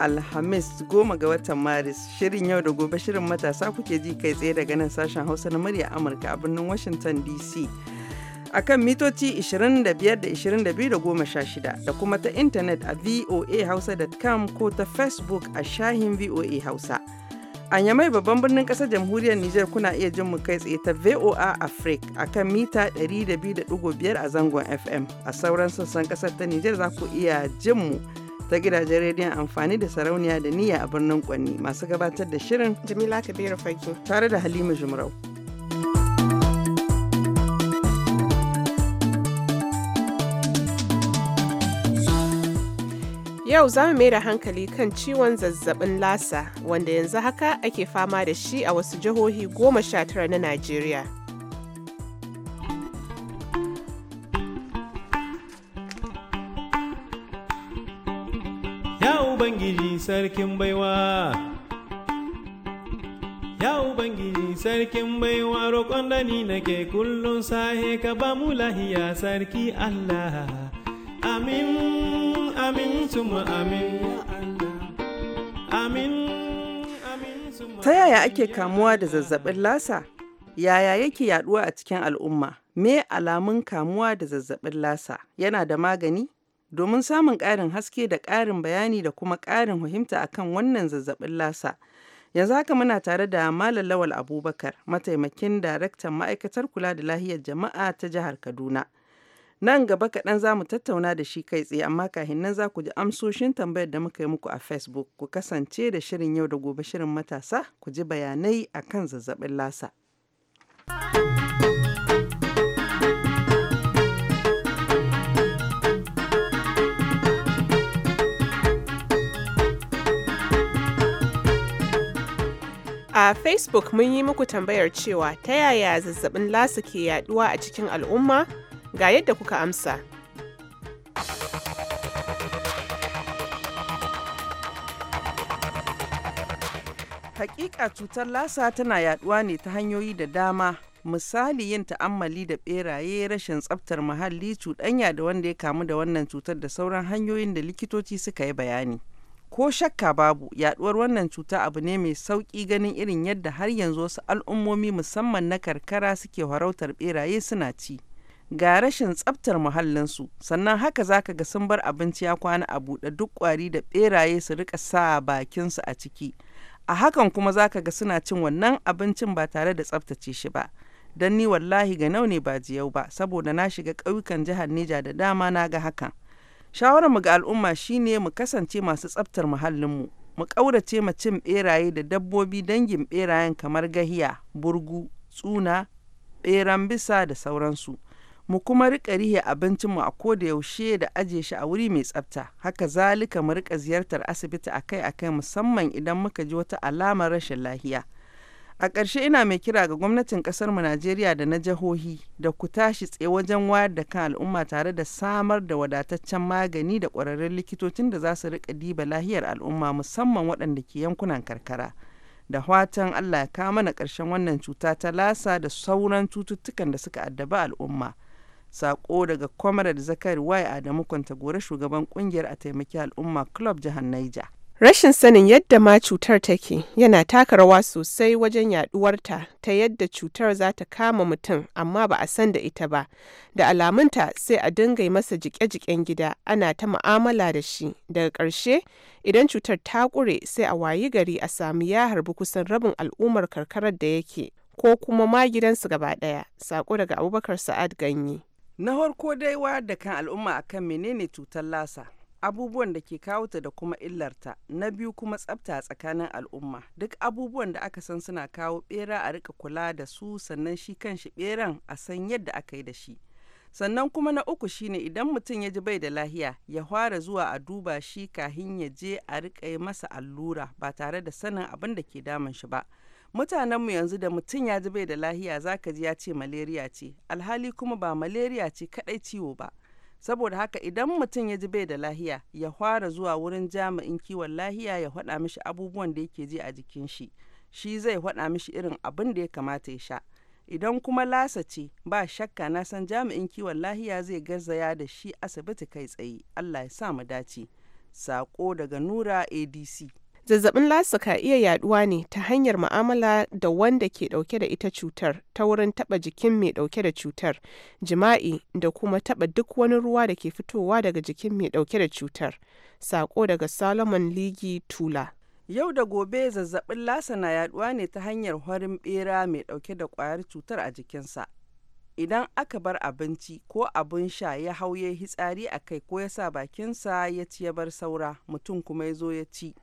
Alhamis goma ga watan Maris shirin yau da gobe shirin matasa kuke ji kai tsaye daga nan sashen Hausa na murya Amurka a birnin Washington DC. a kan mitoci 25 22 da kuma ta intanet a voahausa.com ko ta facebook a shahin voa hausa. A Yamai babban birnin ƙasar jamhuriyar Nijar kuna iya jin mu kai tsaye ta VOA Africa a kan mita 200.5 a zangon FM. A sauran sassan kasar ta Nijar za ku iya jin mu. ta gidajen rediyon amfani da sarauniya da niyya a birnin Kwanni masu gabatar da shirin Jamila Kabiru Fage tare da Halima Jumrau. Yau za mu mai da hankali kan ciwon zazzabin lasa wanda yanzu haka ake fama da shi a wasu jihohi goma sha tara na Najeriya. sarkin baiwa Ya Ubangiji sarkin baiwa roƙon da ni nake kullum sahe ka ba mu lahiya sarki Allah. Amin, amin, suma amin, amin, amin, Ta yaya ake kamuwa da zazzabin lasa? Yaya yake yaduwa a cikin al'umma? Me alamun kamuwa da zazzabin lasa? Yana da magani? Domin samun ƙarin haske da ƙarin bayani da kuma ƙarin fahimta akan wannan zazzabin lasa, yanzu haka muna tare da Malam Lawal Abubakar, mataimakin daraktan ma'aikatar kula da lahiyar jama'a ta jihar Kaduna. Nan gaba kaɗan za mu tattauna da shi kai tsaye amma kahin nan za ku ji amsoshin tambayar da muka yi muku a Facebook. Ku kasance da shirin yau da gobe shirin matasa ku ji bayanai akan zazzabin lasa. A Facebook mun yi muku tambayar cewa ta yaya zazzabin lasa ke yaduwa a cikin al'umma ga yadda kuka amsa. Hakika cutar lasa tana yaduwa ne ta hanyoyi da dama misali yin ta'ammali da beraye rashin tsaftar muhalli cuɗanya da wanda ya kamu da wannan cutar da sauran hanyoyin da likitoci suka yi bayani. ko shakka babu yaduwar wannan cuta abu ne mai sauƙi ganin irin yadda har yanzu wasu al'ummomi musamman na karkara suke harautar beraye suna ci ga rashin tsaftar muhallinsu sannan haka zaka ga sun bar abinci ya kwana a buɗe duk kwari da beraye su rika sa bakinsu a ciki a hakan kuma zaka ga suna cin wannan abincin ba tare da tsaftace shi ba dan ni wallahi ga nau ne ba jiyau ba saboda na shiga ƙauyukan jihar Nija da dama na ga hakan shawarar mu ga al'umma shine mu kasance masu tsaftar muhallinmu, mu ƙaurace ma cin ɓeraye da dabbobi dangin ɓerayen kamar gahiya, burgu, tsuna, ɓeran bisa da sauransu. Mu kuma riƙa rihe abincinmu a ko da yaushe da aje shi a wuri mai tsafta. Haka zalika mu riƙa ziyartar asibiti akai-akai musamman idan muka ji wata alamar rashin lahiya. A ƙarshe ina mai kira ga gwamnatin ƙasarmu Najeriya da na jihohi da ku tashi tsaye wajen wayar da kan al'umma tare da samar da wadataccen magani da ƙwararrun likitocin da za su riƙa diba lahiyar al'umma musamman waɗanda ke yankunan karkara. Da fatan Allah ya kawo mana ƙarshen wannan cuta ta lasa da sauran cututtukan da suka addaba al'umma. Sako daga Comrade Zakari Y Adamu gore shugaban ƙungiyar a taimaki al'umma Club Jihar Niger. Rashin sanin yadda ma cutar take yana taka rawa sosai wajen yaduwarta ta yadda cutar za ta kama mutum amma ba a san da ita ba. Da alamunta sai a dinga masa jike-jiken gida ana ta ma'amala da shi. Daga ƙarshe idan cutar ta ƙure sai a wayi gari a sami ya harbi kusan rabin al'ummar karkarar da yake ko kuma ma gidansu gaba ɗaya. Sako daga Abubakar Sa'ad Ganye. Na farko dai wayar da kan al'umma akan menene cutar lasa. abubuwan da ke kawo ta da kuma illarta na biyu kuma tsafta tsakanin al'umma duk abubuwan da aka san suna kawo bera a rika kula da su sannan shi kan shi beran a san yadda aka yi da shi sannan kuma na uku shine idan mutum ya ji bai da lahiya ya fara zuwa a duba shi kahin ya je a rika masa allura ba tare da sanin abin da ke damun shi ba mutanenmu yanzu da mutum ya ji bai da lahiya zaka ji ya ce malaria ce alhali kuma ba malaria ce kadai ciwo ba saboda haka idan mutum ya ji bai da lahiya ya fara zuwa wurin jami'in kiwon lahiya ya faɗa mishi abubuwan da yake ji a jikin shi shi zai faɗa mishi irin abin da ya kamata ya sha idan kuma lasa ce ba shakka na san jami'in kiwon lahiya zai garzaya da shi asibiti kai tsaye allah ya sa mu dace saƙo daga nura adc zazzabin lasa ka iya yaduwa ne ta hanyar ma'amala da wanda ke dauke da ita cutar ta wurin taba jikin mai dauke da cutar jima'i da kuma taba duk wani ruwa da ke fitowa daga jikin mai dauke da cutar sako daga solomon ligi tula yau da gobe zazzabin lasa na yaduwa ne ta hanyar horin bera mai dauke da kwayar cutar a jikinsa idan aka bar abinci ko abin sha ya hau ya hitsari a kai ko ya sa bakinsa ya ci ya bar saura mutum kuma ya zo ya ci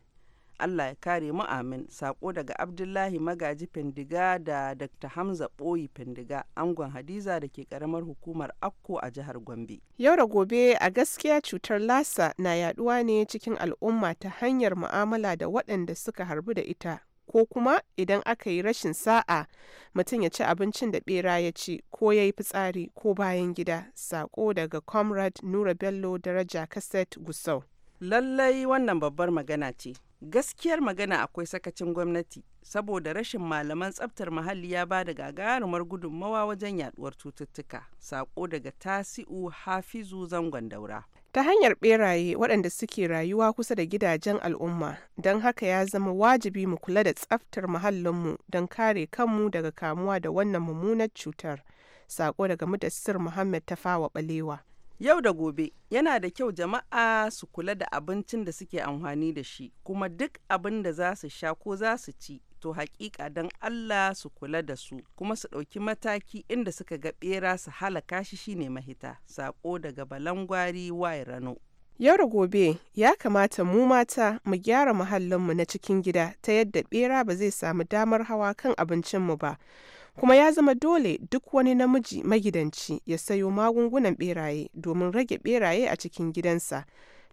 Allah ya kare mu amin sako daga Abdullahi Magaji Fendiga da Dr. Hamza Boyi Fendiga angon Hadiza da ke karamar hukumar Akko a jihar Gombe. Yau da gobe a gaskiya cutar lasa na yaduwa ne cikin al'umma ta hanyar mu'amala da waɗanda suka harbu da ita ko kuma idan aka yi rashin sa'a mutum ya ci abincin da bera ya ci ko ya yi fitsari ko bayan gida sako daga comrade nura bello daraja kaset gusau lallai wannan babbar magana ce gaskiyar magana akwai sakacin gwamnati saboda rashin malaman tsabtar muhalli ya ba da gagarumar gudunmawa wajen yaduwar cututtuka sako daga tasi'u hafizu zangon daura ta hanyar beraye waɗanda suke rayuwa kusa da gidajen al'umma don haka ya zama wajibi mu kula da tsaftar muhallinmu don kare kanmu daga kamuwa da wannan mummunar cutar sako daga mudassir muhammad fawa balewa Yau da gobe yana da kyau jama'a su kula da abincin da suke amfani da shi kuma duk abin da za su sha ko za su ci to hakika don Allah su kula da su kuma su ɗauki mataki inda suka ga ɓera su halaka shi shine mahita saƙo daga balangwari waye rano. Yau da gobe ya kamata mu mata mu gyara muhallinmu na cikin gida ta yadda ɓera ba zai samu damar hawa kan abincinmu ba. kuma ya zama dole duk wani namiji magidanci ya sayo magungunan beraye domin rage beraye a cikin gidansa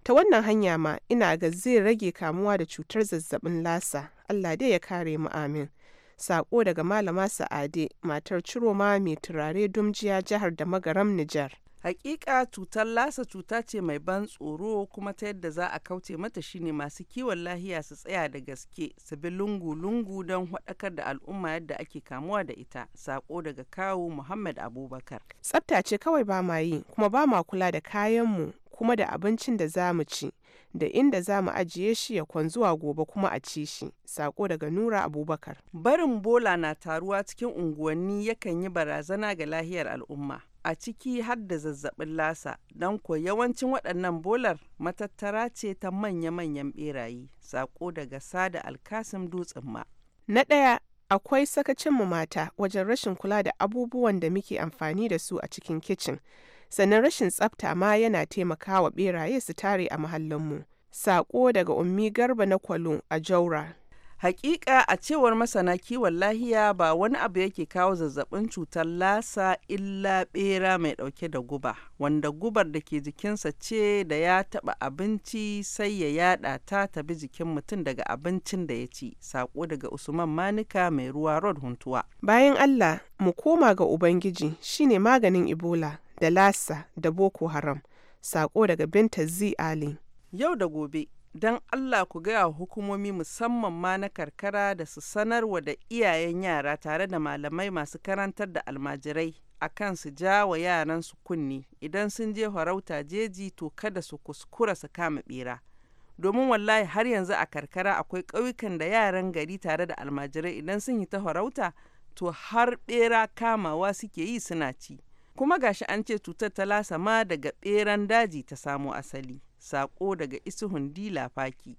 ta wannan hanya ma ina ga zai rage kamuwa da cutar zazzabin lasa allah dai ya kare mu amin sako daga malama sa'ade matar ciroma mai turare dumjiya jihar da magaram nijar Hakika cutar lasa cuta ce mai ban tsoro kuma ta yadda za a kauce mata shine masu kiwon lahiya su tsaya da gaske su bi lungu-lungu don haɗakar da al'umma yadda ake kamuwa da ita. Sako daga kawu Muhammad Abubakar. Tsafta ce kawai ba ma yi kuma ba ma kula da kayanmu kuma da abincin da za mu ci da inda za mu ajiye shi ya kwanzuwa gobe kuma a ci shi sako daga nura abubakar barin bola na taruwa cikin unguwanni yakan yi barazana ga lahiyar al'umma a ciki har da zazzabin lasa don ko yawancin waɗannan bolar matattara ce ta manya-manyan ɓeraye sako daga sada alkasim dutsen ma. Na ɗaya akwai sakacinmu mata wajen rashin kula da abubuwan da muke amfani da su a cikin kicin sannan rashin tsafta ma yana taimakawa ɓeraye su tare a mahallinmu. Sako daga ummi garba na kwalo a jaura. Hakika a cewar masana kiwon lahiya ba wani abu yake kawo zazzabin cutar lasa illa bera mai dauke da guba, wanda gubar da ke jikinsa ce da ya taba abinci sai ya yada ta tabi jikin mutum daga abincin da ya ci. Sako daga Usman Manika mai ruwa Rod Huntuwa. Bayan Allah, mu koma ga Ubangiji shine maganin Ebola da lasa da Boko Haram. Sako daga Binta Z Ali. Yau da gobe. don Allah ku gaya hukumomi musamman ma na karkara da su sanarwa da iyayen yara tare da malamai masu karantar da almajirai a kan su ja wa yaran su kunni idan sun je farauta jeji to kada su kuskura su kama bera domin wallahi har yanzu a karkara akwai ƙauyukan da yaran gari tare da almajirai idan sun yi ta farauta to har bera kamawa suke yi suna ci kuma gashi an ce cutar ta lasa ma daga beran daji ta samo asali saƙo daga Isuhun Dila Faki.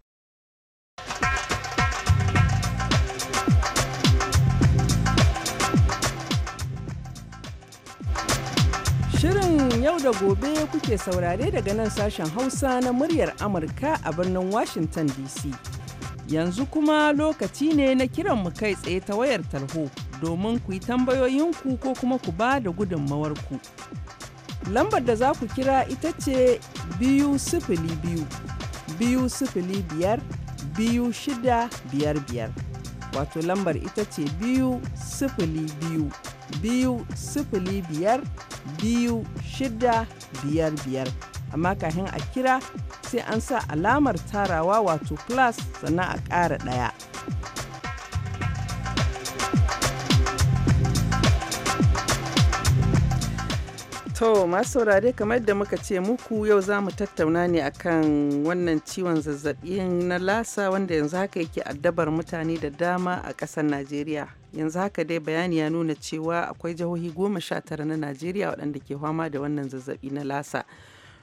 Shirin yau da gobe kuke saurare daga nan sashen Hausa na muryar Amurka a birnin Washington DC. Yanzu kuma lokaci ne na kiran mu kai tsaye ta wayar tarho domin ku yi tambayoyinku ko kuma ku ba da gudunmawarku. Lambar da za ku kira ita ce biyu sifili biyu, biyu sifili biyar, biyu shida biyar biyar. Wato lambar ita ce biyu sifili biyu, biyu sifili biyar, biyu shida biyar biyar. Amma kahin a kira sai an sa alamar tarawa wato plus sannan a ƙara ɗaya. To masu saurare kamar da muka ce muku yau za mu tattauna ne akan wannan ciwon zazzabin na lasa wanda yanzu haka yake addabar mutane da dama a ƙasar Najeriya. Yanzu haka dai bayani ya nuna cewa akwai jihohi goma sha tara na Najeriya waɗanda ke fama da wannan zazzabi na lasa.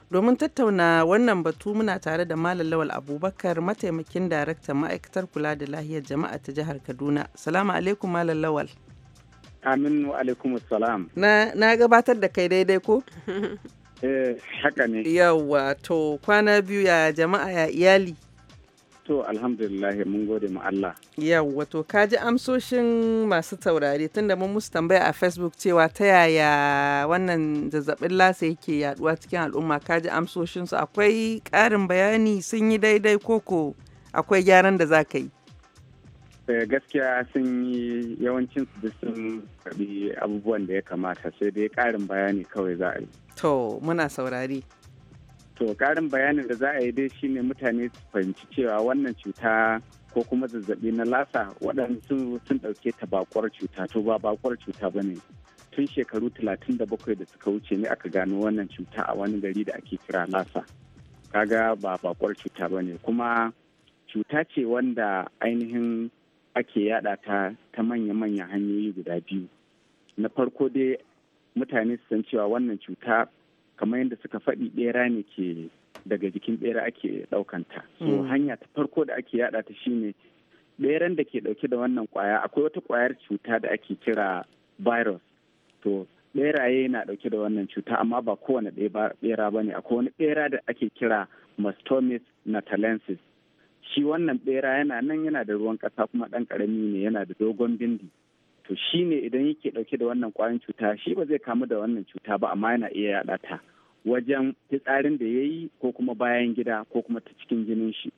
Domin tattauna wannan batu muna tare da Malam Lawal Abubakar mataimakin daraktan ma'aikatar kula da lahiyar jama'a ta jihar Kaduna. Salamu alaikum Malam Lawal. Aminu alaikum salam. Na, gabatar da kai daidai ko? Eh, haka ne. Yawwa, to kwana biyu ya jama'a ya iyali. To, alhamdulillah mun gode mu Allah. Yawwa, to ka amsoshin masu taurari tunda mun musu tambaya a Facebook cewa ta yaya wannan zazzabin lasa yake yaduwa cikin al'umma Kaji ji amsoshinsu akwai ƙarin bayani sun yi daidai koko akwai gyaran da za ka yi. Eh, gaskiya sun yi yawancin su sun karbi abubuwan da ya kamata sai dai karin bayani kawai za a yi to muna saurari to karin bayanin da za a yi dai shine mutane su fahimci cewa wannan cuta ko kuma zazzabi na lasa waɗansu sun ɗauke ta bakwar cuta to ba bakwar cuta ba ne tun shekaru 37 da suka wuce ne aka gano wannan cuta a wani gari da ake kira lasa kaga ba bakwar cuta ba ne kuma cuta ce wanda ainihin ake yada ta ta manya manya hanyoyi guda biyu na farko dai mutane su san cewa wannan cuta kamar yadda suka faɗi ɓera ne ke daga jikin ɓera ake ɗaukanta so hmm. hanya ta farko da ake yada ta shine ɓeran da ke ɗauke da wannan kwaya akwai wata kwayar cuta da ake kira virus to beraye na ɗauke da wannan cuta amma ba kowane ɓera ba ne akwai wani ɓera da ake kira mastomys natalensis shi wannan bera yana nan yana da ruwan kasa kuma dan karami ne yana da dogon bindi to shi ne idan yake ɗauke da wannan ƙwayan cuta shi ba zai kamu da wannan cuta ba amma yana iya yaɗa ta wajen fitsarin da ya yi ko kuma bayan gida ko kuma ta cikin jinin shi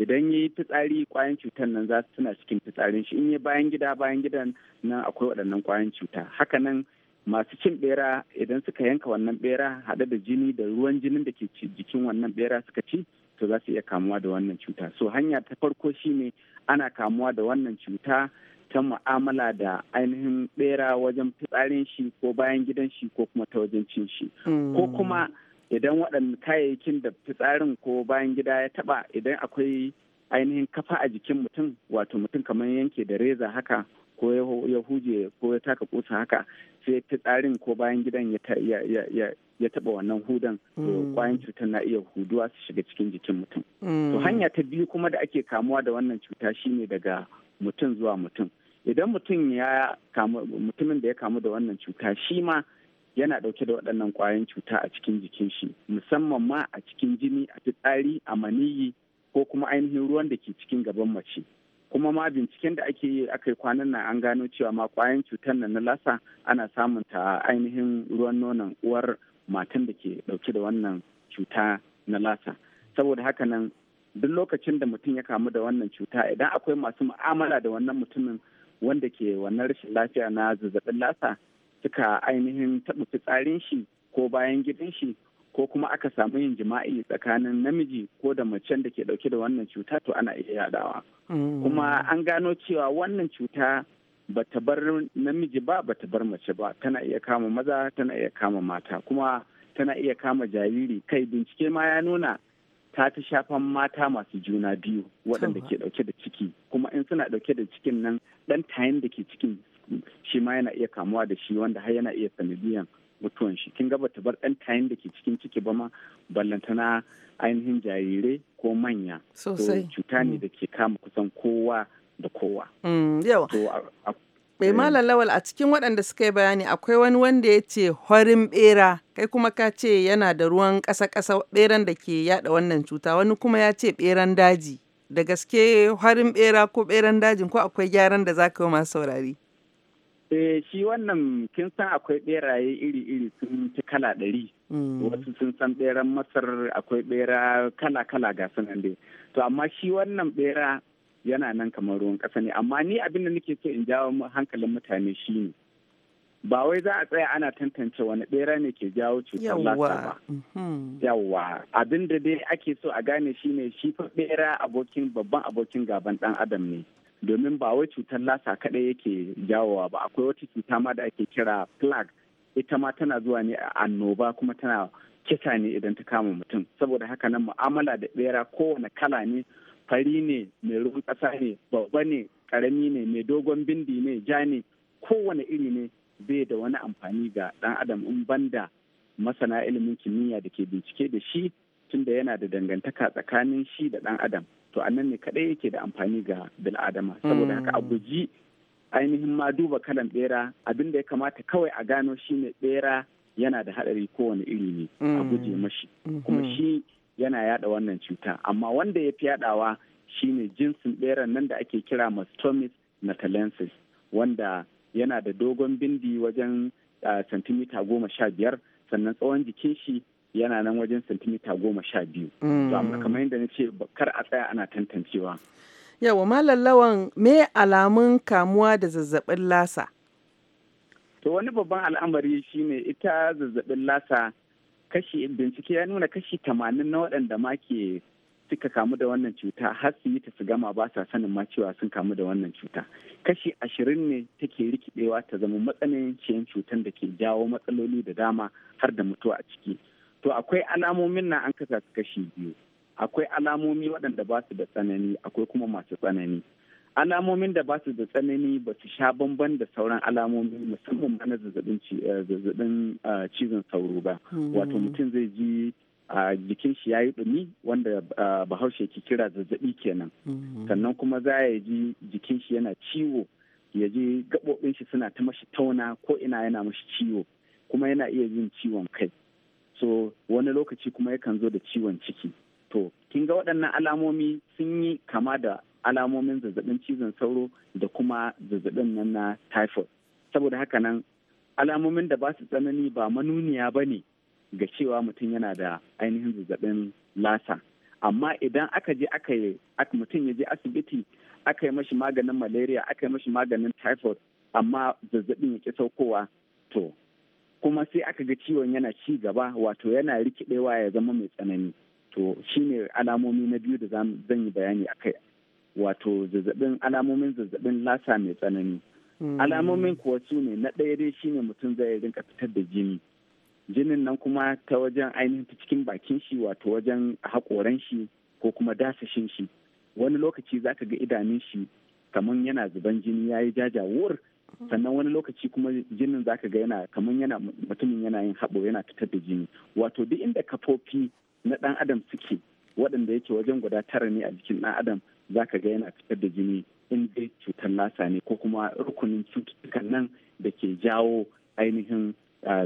idan ya yi fitsari ƙwayan cutar nan za su tuna cikin fitsarin shi in ya bayan gida bayan gidan nan akwai waɗannan ƙwayan cuta haka nan masu cin bera idan suka yanka wannan bera haɗe da jini da ruwan jinin da ke jikin wannan bera suka ci to za su iya kamuwa da wannan cuta so hanya ta farko shine ana kamuwa da wannan cuta ta mu'amala da ainihin bera wajen fitsarin shi ko bayan gidan shi ko kuma ta wajen cin shi ko mm. kuma idan waɗannan kayayyakin da fitsarin ko bayan gida ya taɓa idan akwai ainihin kafa a jikin mutum wato mutum kamar yanke da reza haka ko ya huje ko ya taka kusa haka sai ta tsarin ko bayan gidan ya taba wannan hudan kwayan hmm. cutar na iya huduwa su shiga cikin jikin mutum hmm. to hanya ta biyu kuma da ake kamuwa da wannan cuta shine daga mutum zuwa mutum idan mutum ya kamu mutumin da ya kamu da wannan cuta shi ma yana dauke da waɗannan kwayan cuta a cikin jikin shi musamman ma a cikin jini a fitsari a maniyi ko kuma ainihin ruwan da ke cikin gaban mace kuma ma binciken da ake yi aka yi kwanan nan an gano cewa ma kwayan cutar nan na lasa ana samun ta ainihin ruwan nonon uwar matan da ke dauke da wannan cuta na lasa saboda haka nan duk lokacin da mutum ya kamu da wannan cuta idan akwai masu mu'amala da wannan mutumin wanda ke wannan rashin lafiya na zazzabin lasa suka ainihin taɓa fitsarin shi ko bayan gidan shi ko kuma aka samu yin jima'i tsakanin namiji ko da macen da ke dauke da wannan cuta to ana iya yadawa mm. kuma an gano cewa wannan cuta bata bar namiji ba bata bar mace ba tana iya kama maza tana iya kama mata kuma tana iya kama jariri kai bincike ma ya nuna ta ta shafan mata masu juna biyu waɗanda ke dauke da ciki kuma in suna dauke da cikin nan ɗan tayin da ke cikin shi ma yana iya kamuwa da shi wanda har yana iya sanadiyan mutuwan shi kin gaba bata bar ɗan tayin da ke cikin ciki ba ma ballantana ainihin jarirai ko manya sosai cuta ne mm. da ke kama kusan kowa da kowa mm, yawa bai eh, eh. malam lawal a cikin waɗanda suka yi bayani akwai wani wanda ya ce horin bera kai kuma ka ce yana da ruwan ƙasa-ƙasa beran da ke yada wannan cuta wani kuma ya ce beran daji da gaske horin bera ko beran dajin ko akwai gyaran da za ka yi masu saurari Eh shi wannan kin san akwai beraye iri-iri sun fi kala ɗari. Mm. Wasu sun san beran Masar akwai bera kala-kala ga sunan dai. To amma shi wannan bera yana nan kamar ruwan ƙasa ne amma ni abin da nake so in jawo hankalin mutane shi ne. Ba wai za a tsaya ana tantance wani bera ne ke jawo cutar lasa ba. Mm-hmm. Yawwa abin da dai ake so a gane shi ne shi fa bera abokin babban abokin gaban ɗan adam ne. domin ba wai cutar lasa kaɗai yake jawowa ba akwai wata cuta ma da ake kira plague ita ma tana zuwa ne a annoba kuma tana kisa ne idan ta kama mutum saboda haka nan mu'amala da bera kowane kala ne fari ne mai ruwan ƙasa ne babba ne ƙarami ne mai dogon bindi ne ja ne kowane iri ne bai da wani amfani ga ɗan adam in banda masana ilimin kimiyya da ke bincike da shi tunda yana da dangantaka tsakanin shi da ɗan adam to annan ne kadai yake da amfani ga bil'adama hmm. saboda haka a guji ainihin ma duba kalan bera abin da ya kamata kawai a gano shine bera yana da hadari kowane iri ne a hmm. guje mashi hmm. kuma shi yana yada wannan cuta amma wanda ya fi yadawa shine jinsin beran nan da ake kira mastomys natalensis wanda yana da dogon bindi wajen santimita ah, goma sha biyar sannan tsawon jikin shi yana nan wajen santimita goma sha biyu. Mm. To amma kamar yadda na ce kar a tsaya ana tantancewa. Yawa malam lawan me alamun kamuwa da zazzabin lasa? To wani babban al'amari shine ita zazzabin lasa kashi bincike ya nuna kashi tamanin na waɗanda ma ke suka kamu da wannan cuta har su yi ta su gama ba sa sanin ma cewa sun kamu da wannan cuta kashi ashirin ne take rikidewa ta zama matsananciyar cutar da ke jawo matsaloli da dama har da mutuwa a ciki to akwai alamomin na an kasa su kashi biyu akwai alamomi waɗanda ba su da tsanani akwai kuma masu tsanani alamomin da ba su da tsanani ba su sha bamban da sauran alamomi musamman ma na zazzabin eh, eh, cizon sauro ba hmm. wato mutum zai ji a jikin shi ya yi ɗumi wanda bahaushe ke kira zazzabi kenan hmm. sannan kuma za ya ji jikin shi yana ciwo ya ji gaɓoɓin shi suna ta mashi tauna ko ina yana mashi ciwo kuma yana iya yin ciwon kai so wani lokaci kuma yakan zo da ciwon ciki to kin ga waɗannan alamomi sun yi kama da alamomin zazzabin cizon sauro da kuma zazzabin nan na typhoid saboda haka nan alamomin da ba su tsanani ba manuniya ba ne ga cewa mutum yana da ainihin zazzabin lasa amma idan aka je aka yi mutum ya je asibiti aka yi mashi maganin malaria aka yi mashi maganin typhoid amma zazzabin ya ƙi saukowa to kuma sai aka ga ciwon yana ci gaba wato yana rikidewa ya zama mai tsanani to shine alamomi na biyu da zan yi bayani a kai wato zazzabin alamomin zazzabin lasa mai tsanani mm. alamomin kuwa su ne na ɗaya dai shine mutum zai rinka fitar da jini jinin nan kuma ta wajen ainihin ta cikin bakin shi wato wajen hakoran shi ko kuma dasashin shi wani lokaci zaka ga idanun shi kamar yana zuban jini yayi yi jajawur Mm. sannan wani lokaci kuma jinin zaka ga yana kamar yana mutumin yana yin haɓo yana fitar da jini wato duk inda kafofi na ɗan adam suke waɗanda yake wajen guda tara ne a jikin ɗan adam zaka ga yana fitar da jini in dai cutar lasa ne ko kuma rukunin cututtukan nan da ke jawo ainihin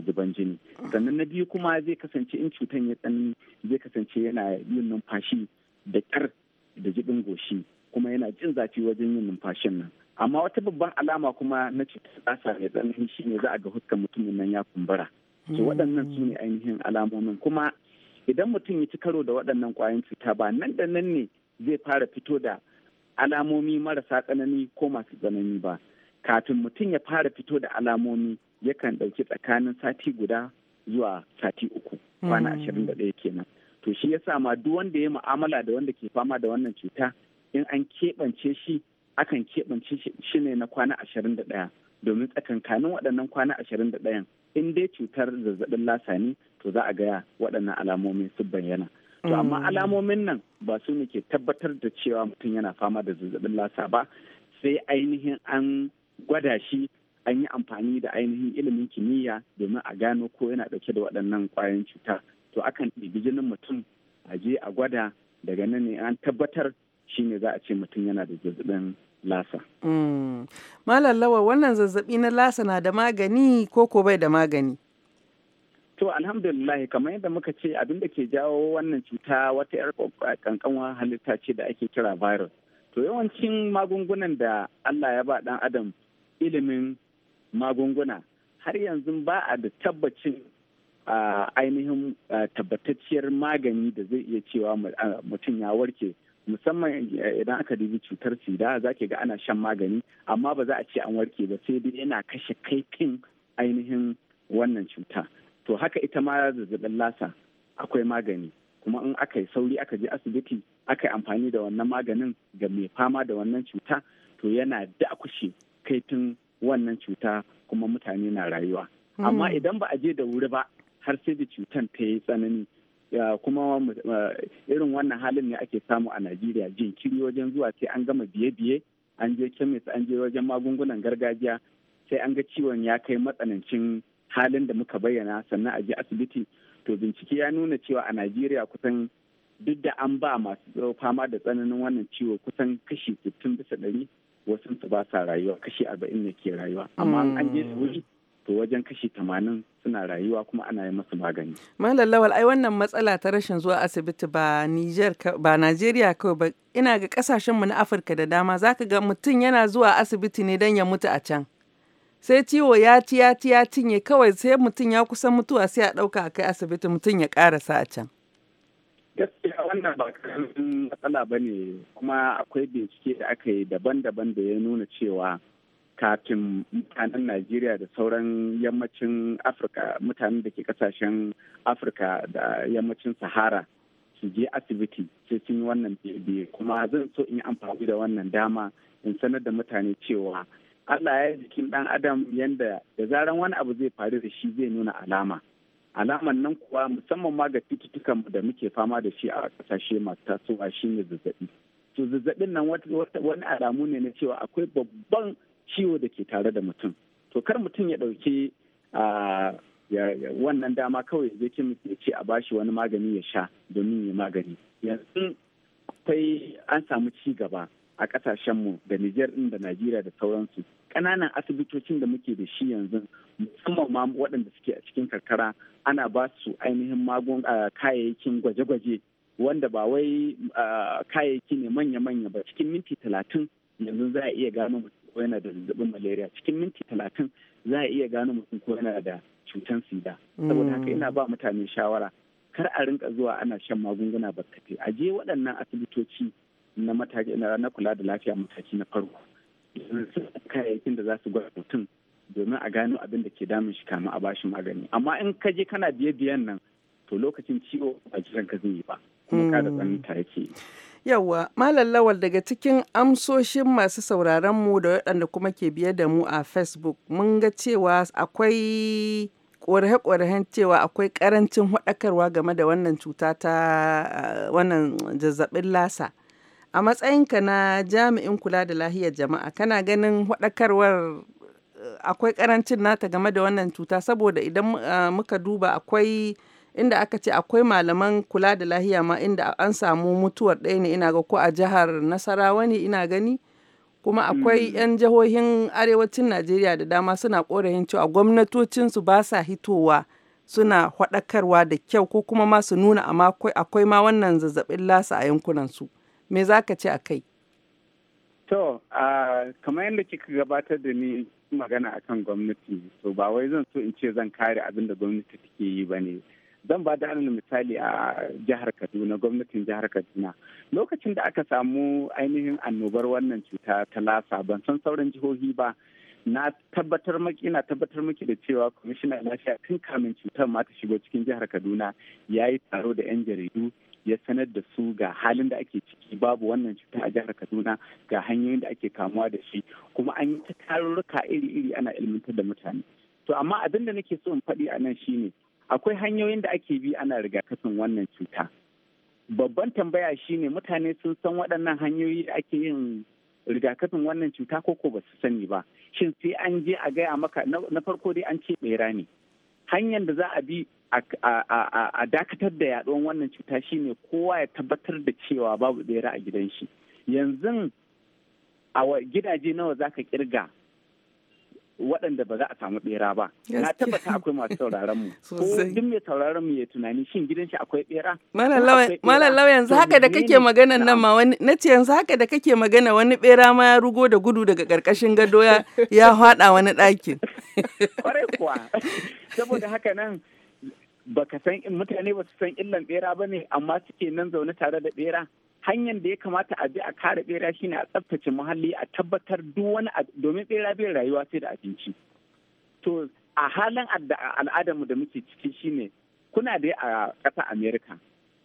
zuban jini sannan na biyu kuma zai kasance in cutan ya tsanani zai kasance yana yin numfashi da kyar da jibin goshi kuma yana jin zafi wajen yin numfashin nan amma wata babban alama kuma na cutar lasa mai tsanani shine za a ga huskan mutumin nan ya kumbura to hmm. waɗannan su ne ainihin alamomin kuma idan mutum ya ci karo da waɗannan ƙwayoyin cuta ba nan da nan ne zai fara fito da alamomi marasa tsanani ko masu tsanani ba kafin mutum ya fara fito da alamomi yakan ɗauki tsakanin sati guda zuwa sati uku kwana hmm. ashirin da ɗaya kenan to shi yasa ma duk wanda ya mu'amala da wanda ke fama da wannan cuta in an keɓance shi akan keɓance shi ne na kwana ashirin da ɗaya domin tsakankanin waɗannan kwana ashirin da ɗayan in dai cutar zazzabin lasa ne to za a gaya waɗannan alamomi su bayyana to amma mm. alamomin nan ba su ne ke tabbatar da cewa mutum yana fama da zazzabin lasa ba sai ainihin an gwada shi an yi amfani da ainihin ilimin kimiyya domin a gano ko yana ɗauke da waɗannan ƙwayoyin cuta to akan ɗibi jinin mutum a je a gwada daga nan ne an tabbatar shi ne za a ce mutum yana da zazzabin lasa. Mm. Malam lawa wannan zazzabi na lasa na da magani ko ko bai da magani? To alhamdulillah kamar yadda muka ce abin da ke jawo wannan cuta wata 'yar kankanwa halitta ce da ake kira virus. To yawancin magungunan da Allah ya ba ɗan adam ilimin magunguna har yanzu ba a da tabbacin ainihin tabbatacciyar magani da zai iya cewa mutum ya warke. musamman eh, idan aka dubi cutar sida za ga ana shan magani amma ba za a ce an warke ba sai dai yana kashe kaifin ainihin wannan cuta to haka ita ma zazzabin lasa akwai magani kuma in aka yi sauri aka je asibiti aka yi amfani da wannan maganin ga mai fama da wannan cuta to yana dakushe kaifin wannan cuta kuma mutane na rayuwa amma hmm. idan ba a je da wuri ba har sai da cutan ta yi tsanani kuma eh, irin wannan halin ne ake samu a najeriya jinkiri wajen zuwa sai an gama biye-biye an je kemis an je wajen magungunan gargajiya sai an ga ciwon ya kai matsanancin halin da muka bayyana sannan a je asibiti to bincike ya nuna cewa a najeriya kusan duk da an ba masu fama da tsananin wannan ciwo kusan kashi 60 bisa ɗari wasu su ba sa rayuwa kashi 40 ne ke rayuwa amma an je su mm. wuri to wajen kashi tamanin suna rayuwa kuma ana yi masu magani. Malam Lawal, ai wannan matsala ta rashin zuwa asibiti ba Niger ba Najeriya kawai ba ina ga kasashen mu na Afirka da dama zaka ga mutum yana zuwa asibiti ne dan ya mutu a can. Sai ciwo ya ti ya ti ya cinye kawai sai mutum ya kusa mutuwa sai a dauka a kai asibiti mutum ya karasa a can. gaskiya wannan ba karamin matsala ba ne kuma akwai bincike da aka yi daban-daban da ya nuna cewa kafin mutanen Najeriya da sauran yammacin Afirka mutanen da ke kasashen Afirka da yammacin Sahara su je asibiti sai sun yi wannan biye kuma zan so in yi amfani da wannan dama in sanar da mutane cewa Allah ya jikin dan adam yanda da zaran wani abu zai faru da shi zai nuna alama alaman nan kuwa musamman ma ga cututtukan da muke fama da shi a kasashe masu tasowa shine zazzabi to zazzabin nan wani alamu ne na cewa akwai babban ciwo da ke tare da mutum to kar mutum ya ɗauki wannan dama kawai zai ya ce a bashi wani magani ya sha domin ya magani yanzu kai an samu ci gaba a kasashenmu da Nijar ɗin da Najeriya da sauransu ƙananan asibitocin da muke da shi yanzu musamman ma waɗanda suke a cikin karkara ana ba su ainihin magun kayayyakin gwaje-gwaje wanda ba wai kayayyaki ne manya-manya ba cikin minti talatin yanzu za a iya gano ko yana da zazzabin malaria cikin minti talatin za a iya gano mutum ko yana da cutan sida saboda haka ina ba mutane shawara kar a rinka zuwa ana shan magunguna barkatai a je waɗannan asibitoci na mataki na kula da lafiya mataki na farko kayayyakin da za su gwada mutum domin a gano abin da ke damun shi kama a bashi magani amma in ka je kana biye biyen nan to lokacin ciwo ba jiran ka zai yi ba kuma hmm. Yawwa, Malam Lawal daga cikin amsoshin masu sauraron mu da waɗanda kuma ke biye da mu a Facebook, mun ga cewa akwai ƙorahe-ƙorahen cewa akwai ƙarancin haɗakarwa game da wannan cuta ta eh, wannan zazzabin lasa. A matsayinka na jami'in kula da lahiyar jama'a, kana ganin haɗakarwar eh, akwai ƙarancin nata game da wannan cuta saboda idan eh, muka duba akwai. inda aka ce akwai malaman kula da lahiya ma inda an samu mutuwar ɗaya ne ina ga ko a jihar Nasarawa ne ina gani kuma akwai 'yan mm. jihohin arewacin Najeriya da dama suna korayin cewa gwamnatocinsu ba sa hitowa suna faɗakarwa da kyau ko kuma ma su nuna amma akwai ma wannan zazzabin lasa a yankunansu me za ka ce a kai to kamar yadda kika gabatar da ni magana akan gwamnati so ba wai zan so in ce zan kare abin da gwamnati take yi ba ne zan ba da alal misali a jihar kaduna gwamnatin jihar kaduna lokacin da aka samu ainihin annobar wannan cuta ta lasa ban san sauran jihohi ba na tabbatar maki ina tabbatar maki da cewa kwamishinan lafiya tun kamin cutar ma ta shigo cikin jihar kaduna ya yi taro da 'yan jaridu ya sanar da su ga halin da ake ciki babu wannan cuta a jihar kaduna ga hanyoyin da ake kamuwa da shi kuma an yi ta tarurruka iri-iri ana ilmantar da mutane to amma abin da nake so in faɗi a nan shine akwai hanyoyin da ake bi ana rigakafin wannan cuta babban tambaya shine mutane sun san waɗannan hanyoyi da ake yin rigakafin wannan cuta ko ko ba su sani ba shin sai an je a gaya maka na farko dai an ce bera ne hanyar da za a bi a dakatar da yaɗuwan wannan cuta shine kowa ya tabbatar da cewa babu bera a gidan shi yanzu a gidaje nawa zaka kirga waɗanda ba za a samu ɓera ba. Na tabbata akwai masu sauraron mu. Ko duk mai sauraron mu ya tunani shin gidan shi akwai ɓera? Malam Lawa yanzu haka da kake magana nan ma wani na ce yanzu haka da kake magana wani ɓera ma ya rugo da gudu daga ƙarƙashin gado ya ya haɗa wani ɗakin. Kwarai kuwa. Saboda haka nan baka san mutane ba su san illan ɓera ba ne amma suke nan zaune tare da ɓera. hanyar da ya kamata a bi a kare bera shine a tsaftace muhalli a tabbatar duk wani domin bera bin rayuwa sai da abinci to a halin al'adarmu da muke ciki shine kuna da a ƙasa america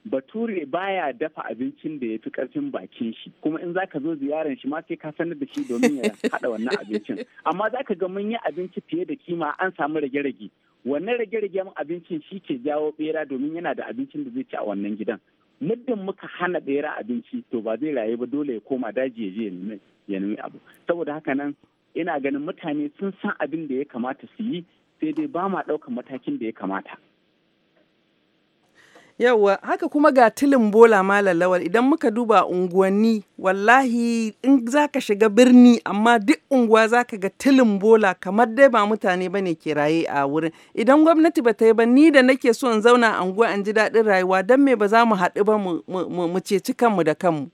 bature baya dafa abincin da ya fi ƙarfin bakin shi kuma in zaka zo ziyaran shi ma sai ka sanar da shi domin ya haɗa wannan abincin amma zaka ga mun yi abinci fiye da kima an samu rage-rage wannan rage-rage abincin shi ke jawo bera domin yana da abincin da zai ci a wannan gidan muddin muka hana bera abinci to ba zai rayu ba dole ya koma daji ya je ya nemi abu saboda haka nan ina ganin mutane sun san abin da ya kamata su yi sai dai ba ma ɗaukan matakin da ya kamata Yawwa haka kuma ga tilin bola malalawal idan muka duba unguwanni wallahi in za ka shiga birni amma duk unguwa za ka ga tilin bola kamar dai ba mutane ba ne ke raye a wurin idan gwamnati ba ta yi ba ni da nake so in zauna a unguwa in ji daɗin rayuwa don me ba za mu haɗu ba mu ceci kanmu da kanmu.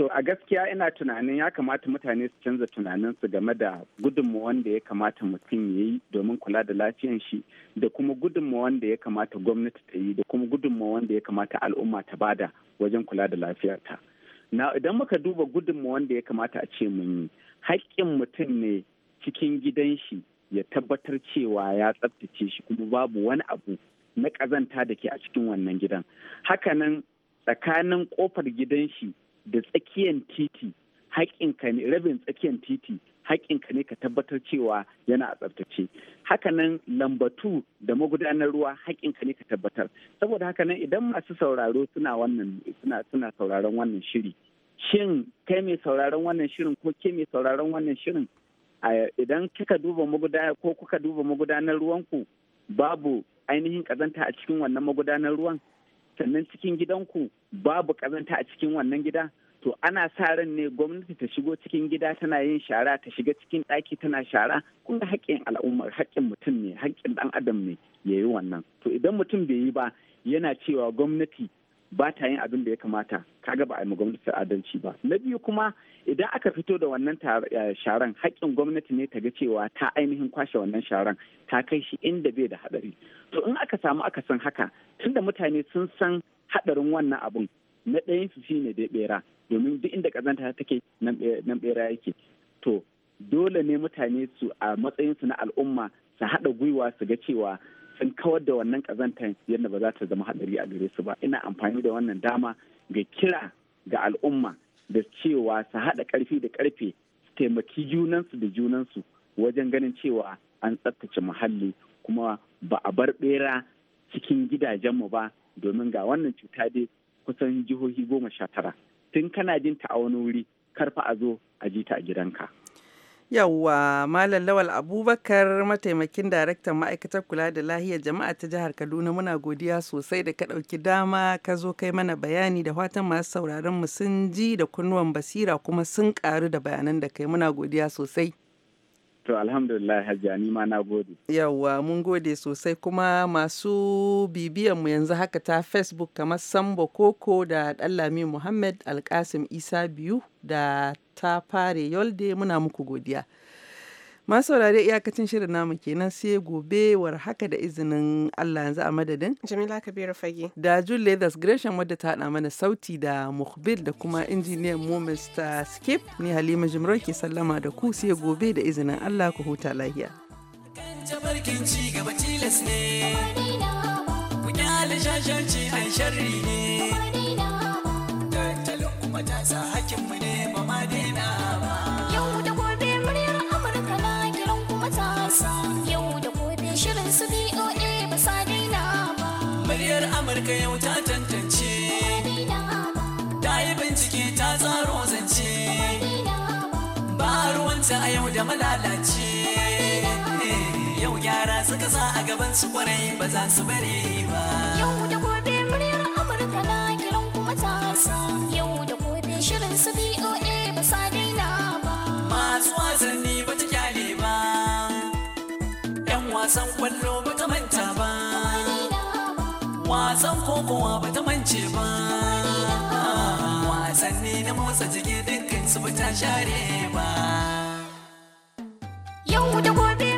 to a gaskiya ina tunanin ya kamata mutane su canza tunaninsu game da gudunmu wanda ya kamata mutum ya yi domin kula da lafiyan shi da kuma gudunmu wanda ya kamata gwamnati ta yi da kuma gudunmu wanda ya kamata al'umma ta bada wajen kula da lafiyarta. Na idan muka duba gudunmu wanda ya kamata a ce mun yi, haƙƙin mutum ne cikin gidan shi ya tabbatar cewa ya tsabtace shi kuma babu wani abu na ƙazanta da ke a cikin wannan gidan. Hakanan tsakanin ƙofar gidan shi da tsakiyan titi haƙinka ne rabin tsakiyan titi haƙinka ne ka tabbatar cewa yana a tsaftace hakanan lambatu da magudanar ruwa haƙinka ne ka tabbatar saboda hakanan idan masu sauraro suna wannan suna suna sauraron wannan shiri shin kai mai sauraron wannan shirin ko ke mai sauraron wannan shirin idan kika duba magudanar ko kuka duba magudanar ruwanku babu ainihin kazanta a cikin wannan magudanar ruwan sannan cikin gidanku babu ƙazanta a cikin wannan gida to ana sa ran ne gwamnati ta shigo cikin gida tana yin shara ta shiga cikin ɗaki tana shara kuma haƙƙin al'ummar haƙƙin mutum ne haƙƙin ɗan adam ne ya yi wannan to idan mutum bai yi ba yana cewa gwamnati ba ta yin abin da ya kamata kaga ba a yi gwamnati adalci ba na biyu kuma idan aka fito da wannan eh, sharan haƙƙin gwamnati ne ta ga cewa ta ainihin kwashe wannan sharan ta kai shi inda bai da haɗari to in aka samu aka san haka tunda mutane sun san hadarin wannan abun na ɗayan su shine ne bera domin duk inda kazanta take nan bera yake to dole ne mutane su a matsayin su na al'umma su haɗa gwiwa su ga cewa sun kawar da wannan kazantar yadda ba za ta zama haɗari a gare su ba ina amfani da wannan dama ga kira ga al'umma da cewa su haɗa ƙarfi da karfe su taimaki junansu da junansu wajen ganin cewa an tsaftace muhalli kuma ba a bar bera cikin gidajenmu ba domin ga wannan cuta dai kusan jihohi goma sha tara tun kana jin ta a wani wuri karfa a zo a ji ta a gidanka. Yawwa Malam Lawal Abubakar mataimakin daraktan ma'aikatar kula da lahiyar jama'a ta jihar Kaduna muna godiya sosai da ka ɗauki dama ka zo kai mana bayani da fatan masu sauraron mu sun ji da kunnuwan basira kuma sun ƙaru da bayanan da kai muna godiya sosai. To alhamdulillah Hajjani ma na gode. Yawwa mun gode sosai kuma masu bibiyan mu yanzu haka ta Facebook kamar Sambo Koko da Dallami Muhammad Alkasim Isa biyu da ta fare Yolde muna muku godiya. Masu saurari iyakacin shirin namu kenan sai gobe war haka da izinin Allah yanzu a madadin. Jamila Kabiru Fage. Da June Leathers Gresham wadda ta hada mana sauti da Mukhbir da kuma injiniyan mu Mr. Skip ni Halima Jimro ke sallama da ku sai gobe da izinin Allah ku huta lahiya. Kan jabarkin ci ne. amurka yau ta tantance ta yi bincike ta tsaro zance ba ruwanta a yau da malalace yau gyara suka sa a gaban su kwarai ba za su bare ba yau da gobe muryar amurka na kiran kuma ta yau ce ba wasanni na motsa jiki dukkan su ba ta share ba yau da gobe